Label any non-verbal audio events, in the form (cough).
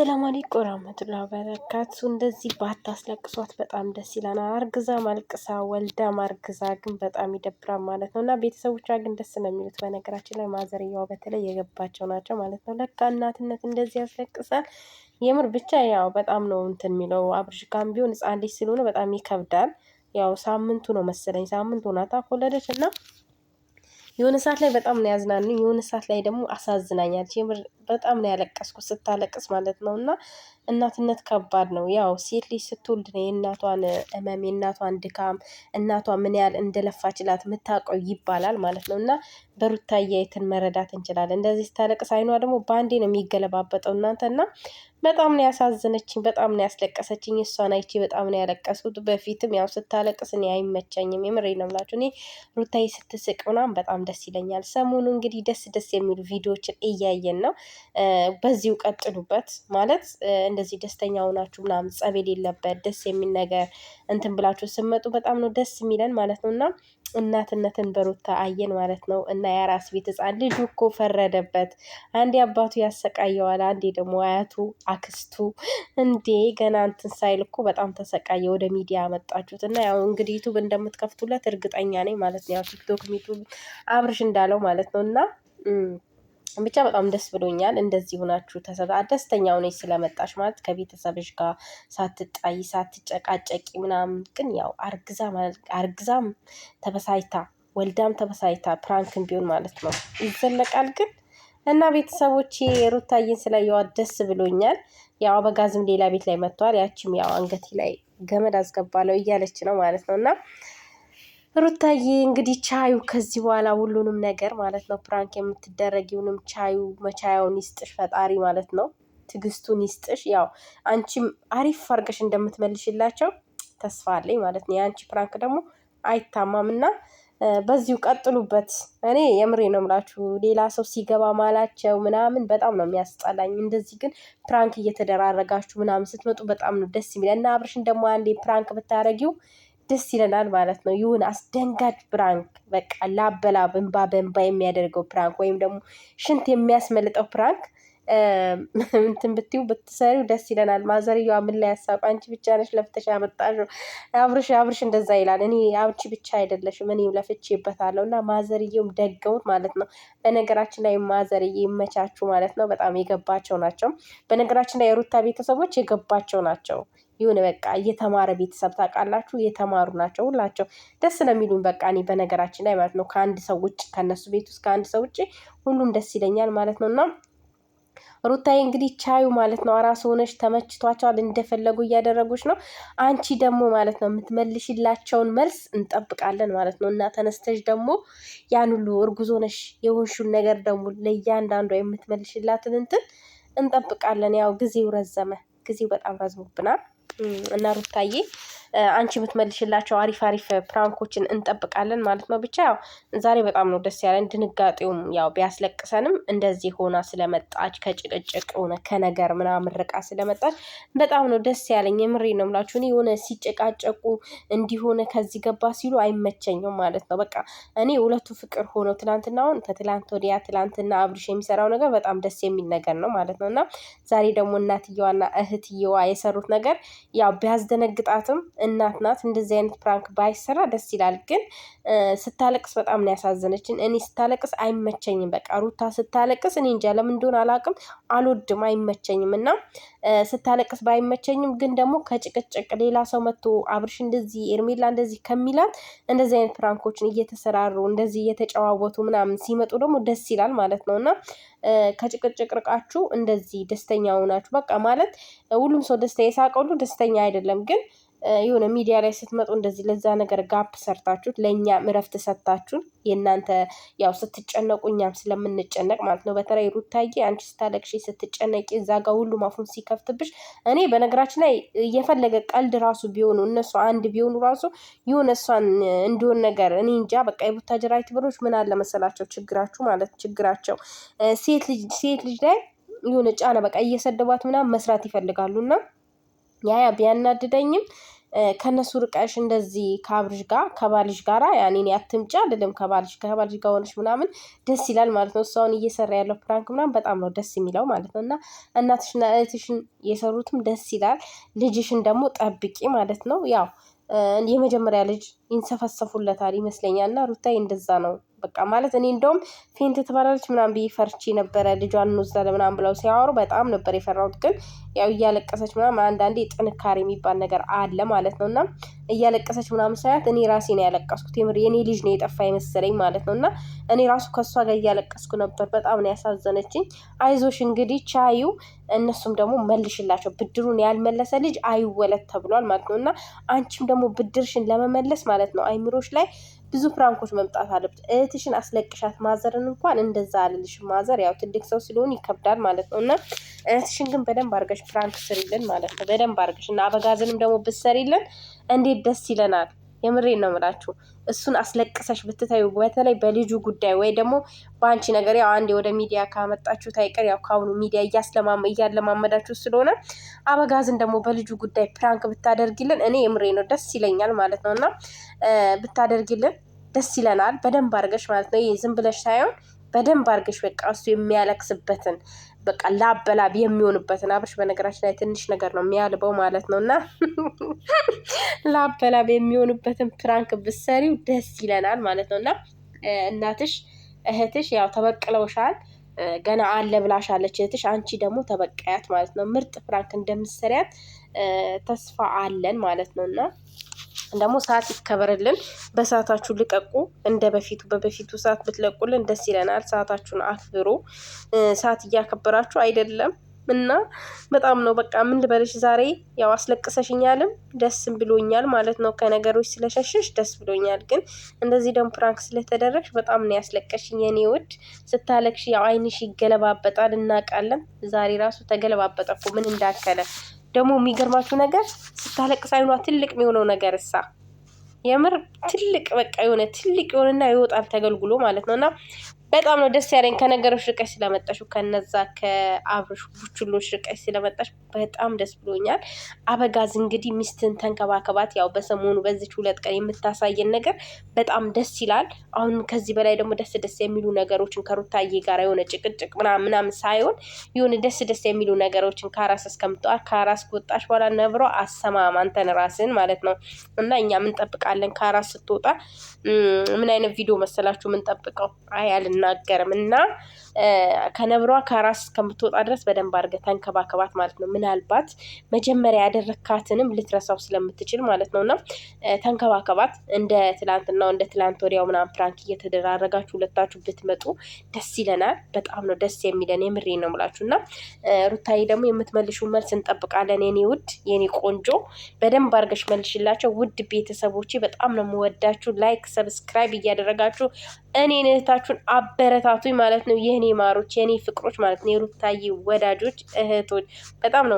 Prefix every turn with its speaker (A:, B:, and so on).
A: አሰላሙ አለይኩም ወራህመቱላሂ ወበረካቱ። እንደዚህ ባታስለቅሷት በጣም ደስ ይለናል። አርግዛ ማልቅሳ ወልዳ ማርግዛ ግን በጣም ይደብራል ማለት ነው እና ቤተሰቦቿ ግን ደስ ነው የሚሉት። በነገራችን ላይ ማዘርያዋ በተለይ የገባቸው ናቸው ማለት ነው። ለካ እናትነት እንደዚህ ያስለቅሳል። የምር ብቻ ያው በጣም ነው እንትን የሚለው አብርሽ ጋም ቢሆን ህጻን ልጅ ስለሆነ በጣም ይከብዳል። ያው ሳምንቱ ነው መሰለኝ ሳምንት ናታ ከወለደች እና የሆነ ሰዓት ላይ በጣም ነው ያዝናኑኝ፣ የሆነ ሰዓት ላይ ደግሞ አሳዝናኛለች። የምር በጣም ነው ያለቀስኩ ስታለቅስ ማለት ነው እና እናትነት ከባድ ነው። ያው ሴት ልጅ ስትወልድ ነው የእናቷን እመም፣ የእናቷን ድካም፣ እናቷ ምን ያህል እንደለፋችላት የምታውቀው ይባላል ማለት ነው። እና በሩታ አያይትን መረዳት እንችላለን። እንደዚህ ስታለቅስ አይኗ ደግሞ በአንዴ ነው የሚገለባበጠው እናንተ እና በጣም ነው ያሳዘነችኝ። በጣም ነው ያስለቀሰችኝ። እሷን አይቼ በጣም ነው ያለቀሱት። በፊትም ያው ስታለቅስ እኔ አይመቸኝም። የምሬ ነው እኔ ሩታዬ ስትስቅ ምናምን በጣም ደስ ይለኛል። ሰሞኑ እንግዲህ ደስ ደስ የሚሉ ቪዲዮዎችን እያየን ነው። በዚሁ ቀጥሉበት ማለት እንደዚህ ደስተኛ ሆናችሁ ምናምን ጸብ የሌለበት ደስ የሚል ነገር እንትን ብላችሁ ስመጡ በጣም ነው ደስ የሚለን ማለት ነው እና እናትነትን በሩታ አየን ማለት ነው እና የአራስ ቤት ህፃን ልጁ እኮ ፈረደበት። አንዴ አባቱ ያሰቃየዋል፣ አንዴ ደግሞ አያቱ አክስቱ እንዴ ገና እንትን ሳይል እኮ በጣም ተሰቃየ። ወደ ሚዲያ ያመጣችሁት እና ያው እንግዲህ ዩቱብ እንደምትከፍቱለት እርግጠኛ ነኝ ማለት ነው። ያው ቲክቶክ፣ ዩቱብ አብርሽ እንዳለው ማለት ነው እና ብቻ በጣም ደስ ብሎኛል። እንደዚህ ሆናችሁ ተሰጣ ደስተኛ ሆነች ስለመጣሽ ማለት ከቤተሰብሽ ጋር ሳትጣይ ሳትጨቃጨቂ ምናምን። ግን ያው አርግዛም ተበሳይታ ወልዳም ተበሳይታ ፕራንክን ቢሆን ማለት ነው ይዘለቃል ግን እና ቤተሰቦች ሩታዬን ስለየዋት ደስ ብሎኛል። ያው አበጋዝም ሌላ ቤት ላይ መጥተዋል። ያችም ያው አንገቴ ላይ ገመድ አስገባለው እያለች ነው ማለት ነው እና ሩታዬ እንግዲህ ቻዩ ከዚህ በኋላ ሁሉንም ነገር ማለት ነው። ፕራንክ የምትደረጊውንም ቻዩ መቻያውን ይስጥሽ ፈጣሪ ማለት ነው። ትዕግስቱን ይስጥሽ። ያው አንቺም አሪፍ አድርገሽ እንደምትመልሽላቸው ተስፋ አለኝ ማለት ነው። የአንቺ ፕራንክ ደግሞ አይታማም እና በዚሁ ቀጥሉበት። እኔ የምሬ ነው ምላችሁ። ሌላ ሰው ሲገባ ማላቸው ምናምን በጣም ነው የሚያስጠላኝ። እንደዚህ ግን ፕራንክ እየተደራረጋችሁ ምናምን ስትመጡ በጣም ነው ደስ የሚል እና አብርሽን ደግሞ አንዴ ፕራንክ ብታደረጊው ደስ ይለናል ማለት ነው። ይሁን አስደንጋጭ ፕራንክ በቃ ላበላ እንባ በእንባ የሚያደርገው ፕራንክ ወይም ደግሞ ሽንት የሚያስመልጠው ፕራንክ እንትን ብትዩ ብትሰሪው ደስ ይለናል። ማዘርየዋ ምን ላይ ያሳብ አንቺ ብቻ ነሽ ለፍተሽ ያመጣሽው አብርሽ አብርሽ እንደዛ ይላል። እኔ አንቺ ብቻ አይደለሽም እኔም ለፍቼበታለሁ እና ማዘርየውም ደገሙት ማለት ነው። በነገራችን ላይ ማዘርዬ ይመቻችሁ ማለት ነው። በጣም የገባቸው ናቸው። በነገራችን ላይ የሩታ ቤተሰቦች የገባቸው ናቸው። ይሁን በቃ የተማረ ቤተሰብ ታውቃላችሁ፣ የተማሩ ናቸው ሁላቸው ደስ ስለሚሉን በቃ እኔ በነገራችን ላይ ማለት ነው ከአንድ ሰው ውጭ ከእነሱ ቤት ውስጥ ከአንድ ሰው ውጭ ሁሉም ደስ ይለኛል ማለት ነው እና ሩታዬ እንግዲህ ቻዩ ማለት ነው። አራስ ሆነች ተመችቷቸዋል፣ እንደፈለጉ እያደረጉች ነው። አንቺ ደግሞ ማለት ነው የምትመልሽላቸውን መልስ እንጠብቃለን ማለት ነው እና ተነስተሽ ደግሞ ያን ሁሉ እርጉዝ ሆነሽ የሆንሹን ነገር ደግሞ ለእያንዳንዷ የምትመልሽላትን እንትን እንጠብቃለን። ያው ጊዜው ረዘመ። ጊዜው በጣም ረዝሞብናል እና ሩታዬ አንቺ የምትመልሽላቸው አሪፍ አሪፍ ፕራንኮችን እንጠብቃለን ማለት ነው። ብቻ ያው ዛሬ በጣም ነው ደስ ያለን። ድንጋጤውም ያው ቢያስለቅሰንም እንደዚህ ሆና ስለመጣች ከጭቅጭቅ ሆነ ከነገር ምናምን ርቃ ስለመጣች በጣም ነው ደስ ያለኝ። የምሬ ነው የምላችሁ። እኔ የሆነ ሲጨቃጨቁ እንዲሆነ ከዚህ ገባ ሲሉ አይመቸኝም ማለት ነው። በቃ እኔ ሁለቱ ፍቅር ሆነው ትናንትና አሁን ከትላንት ወዲያ ትላንትና አብርሽ የሚሰራው ነገር በጣም ደስ የሚል ነገር ነው ማለት ነው እና ዛሬ ደግሞ እናትየዋና እህትየዋ የሰሩት ነገር ያው ቢያስደነግጣትም እናት ናት። እንደዚህ አይነት ፕራንክ ባይሰራ ደስ ይላል። ግን ስታለቅስ በጣም ነው ያሳዘነችን። እኔ ስታለቅስ አይመቸኝም። በቃ ሩታ ስታለቅስ እኔ እንጃ ለምን እንደሆነ አላውቅም፣ አልወድም፣ አይመቸኝም። እና ስታለቅስ ባይመቸኝም ግን ደግሞ ከጭቅጭቅ ሌላ ሰው መጥቶ አብርሽ እንደዚህ ኤርሜላ እንደዚህ ከሚላት እንደዚህ አይነት ፕራንኮችን እየተሰራሩ እንደዚህ እየተጨዋወቱ ምናምን ሲመጡ ደግሞ ደስ ይላል ማለት ነው እና ከጭቅጭቅ ርቃችሁ እንደዚህ ደስተኛ ሆናችሁ በቃ ማለት ሁሉም ሰው ደስተኛ የሳቀሉ ደስተኛ አይደለም ግን የሆነ ሚዲያ ላይ ስትመጡ እንደዚህ ለዛ ነገር ጋፕ ሰርታችሁት ለእኛም እረፍት ሰታችሁን የእናንተ ያው ስትጨነቁ እኛም ስለምንጨነቅ ማለት ነው። በተለይ ሩታዬ አንቺ ስታለቅሽ ስትጨነቂ እዛ ጋር ሁሉም አፉን ሲከፍትብሽ፣ እኔ በነገራችን ላይ እየፈለገ ቀልድ ራሱ ቢሆኑ እነሱ አንድ ቢሆኑ ራሱ የሆነ እሷን እንዲሆን ነገር እኔ እንጃ። በቃ የቡታጅራ ትብሮች ምን አለ መሰላቸው ችግራችሁ ማለት ችግራቸው ሴት ልጅ ሴት ልጅ ላይ የሆነ ጫና በቃ እየሰደቧት ምናምን መስራት እና ያ ያ ቢያናድደኝም ከነሱ ርቀሽ እንደዚህ ከአብርሽ ጋር ከባልሽ ጋራ ያኔ እኔ አትምጪ አልልም። ከባልሽ ከባልሽ ጋር ሆነሽ ምናምን ደስ ይላል ማለት ነው። እሷውን እየሰራ ያለው ፕራንክ ምናምን በጣም ነው ደስ የሚለው ማለት ነው። እና እናትሽና እህትሽን የሰሩትም ደስ ይላል። ልጅሽን ደግሞ ጠብቂ ማለት ነው። ያው የመጀመሪያ ልጅ ይንሰፈሰፉለታል ይመስለኛል። እና ሩታዬ እንደዛ ነው በቃ ማለት እኔ እንደውም ፌንት ትበላለች ምናምን ብዬ ፈርቼ ነበረ። ልጇን እንወስዳለን ምናምን ብለው ሲያወሩ በጣም ነበር የፈራሁት። ግን ያው እያለቀሰች ምናምን አንዳንዴ ጥንካሬ የሚባል ነገር አለ ማለት ነው እና እያለቀሰች ምናምን ሳያት እኔ ራሴ ነው ያለቀስኩት። የምር የኔ ልጅ ነው የጠፋ የመሰለኝ ማለት ነው እና እኔ ራሱ ከእሷ ጋር እያለቀስኩ ነበር። በጣም ነው ያሳዘነችኝ። አይዞሽ እንግዲህ ቻዩ፣ እነሱም ደግሞ መልሽላቸው። ብድሩን ያልመለሰ ልጅ አይወለድ ተብሏል ማለት ነው እና አንቺም ደግሞ ብድርሽን ለመመለስ ማለት ነው አይምሮች ላይ ብዙ ፍራንኮች መምጣት አለበት። እህትሽን አስለቅሻት። ማዘርን እንኳን እንደዛ አልልሽም። ማዘር ያው ትልቅ ሰው ስለሆን ይከብዳል ማለት ነው። እና እህትሽን ግን በደንብ አርገሽ ፍራንክ ስሪልን ማለት ነው። በደንብ አርገሽ እና አበጋዝንም ደግሞ ብትሰሪልን እንዴት ደስ ይለናል። የምሬን ነው የምላችሁ። እሱን አስለቅሰሽ ብትታዩ በተለይ በልጁ ጉዳይ ወይ ደግሞ በአንቺ ነገር ያው አንዴ ወደ ሚዲያ ካመጣችሁ ታይቀር ያው ከአሁኑ ሚዲያ እያለማመዳችሁ ስለሆነ አበጋዝን ደግሞ በልጁ ጉዳይ ፕራንክ ብታደርግልን እኔ የምሬ ነው ደስ ይለኛል ማለት ነው እና ብታደርግልን ደስ ይለናል። በደንብ አድርገሽ ማለት ነው ይሄ ዝም ብለሽ ሳይሆን በደንብ አድርገሽ በቃ እሱ የሚያለቅስበትን በቃ ላበላብ የሚሆንበትን አብርሽ በነገራችን ላይ ትንሽ ነገር ነው የሚያልበው ማለት ነው። እና (laughs) ላበላብ የሚሆንበትን ፕራንክ ብትሰሪው ደስ ይለናል ማለት ነው። እና እናትሽ እህትሽ ያው ተበቅለውሻል ገና አለ ብላሻለች እህትሽ። አንቺ ደግሞ ተበቃያት ማለት ነው። ምርጥ ፕራንክ እንደምትሰሪያት ተስፋ አለን ማለት ነው እና ደግሞ ሰዓት ይከበርልን። በሰዓታችሁ ልቀቁ። እንደ በፊቱ በበፊቱ ሰዓት ብትለቁልን ደስ ይለናል። ሰዓታችሁን አክብሩ። ሰዓት እያከበራችሁ አይደለም እና በጣም ነው በቃ ምን ልበልሽ፣ ዛሬ ያው አስለቅሰሽኛልም ደስም ብሎኛል ማለት ነው። ከነገሮች ስለሸሸሽ ደስ ብሎኛል፣ ግን እንደዚህ ደግሞ ፕራንክ ስለተደረግሽ በጣም ነው ያስለቀሽኝ የኔ ውድ። ስታለቅሽ ያው አይንሽ ይገለባበጣል፣ እናውቃለን። ዛሬ ራሱ ተገለባበጠ እኮ ምን እንዳከለ ደግሞ የሚገርማችሁ ነገር ስታለቅስ አይኗ ትልቅ የሚሆነው ነገር እሳ የምር ትልቅ በቃ የሆነ ትልቅ የሆነና ይወጣል ተገልግሎ ማለት ነው። እና በጣም ነው ደስ ያለኝ ከነገሮች ርቀሽ ስለመጣሽ፣ ከነዛ ከአብርሽ ቡችሎች ርቀሽ ስለመጣሽ በጣም ደስ ብሎኛል። አበጋዝ እንግዲህ ሚስትን ተንከባከባት። ያው በሰሞኑ በዚች ሁለት ቀን የምታሳየን ነገር በጣም ደስ ይላል። አሁን ከዚህ በላይ ደግሞ ደስ ደስ የሚሉ ነገሮችን ከሩታዬ ጋር የሆነ ጭቅጭቅ ምናምን ምናምን ሳይሆን የሆነ ደስ ደስ የሚሉ ነገሮችን ከአራስ እስከምጠዋል ከአራስ ከወጣሽ በኋላ ነብሮ አሰማም አንተን ራስን ማለት ነው እና እኛ ምንጠብቃለን ከአራስ ስትወጣ ምን አይነት ቪዲዮ መሰላችሁ ምንጠብቀው አይ አትናገርም እና ከነብሯ ከራስ እስከምትወጣ ድረስ በደንብ አድርገህ ተንከባከባት ማለት ነው። ምናልባት መጀመሪያ ያደረካትንም ልትረሳው ስለምትችል ማለት ነው እና ተንከባከባት። እንደ ትላንትናው እንደ ትላንት ወዲያው ምናምን ፕራንክ እየተደራረጋችሁ ሁለታችሁ ብትመጡ ደስ ይለናል። በጣም ነው ደስ የሚለን የምሬ ነው ምላችሁ እና ሩታዬ ደግሞ የምትመልሹ መልስ እንጠብቃለን። የኔ ውድ የኔ ቆንጆ በደንብ አድርገሽ መልሽላቸው። ውድ ቤተሰቦቼ በጣም ነው የምወዳችሁ። ላይክ ሰብስክራይብ እያደረጋችሁ እኔ እህታችሁን አበረታቱኝ ማለት ነው። የኔ ማሮች፣ የኔ ፍቅሮች ማለት ነው። የሩታዬ ወዳጆች እህቶች በጣም ነው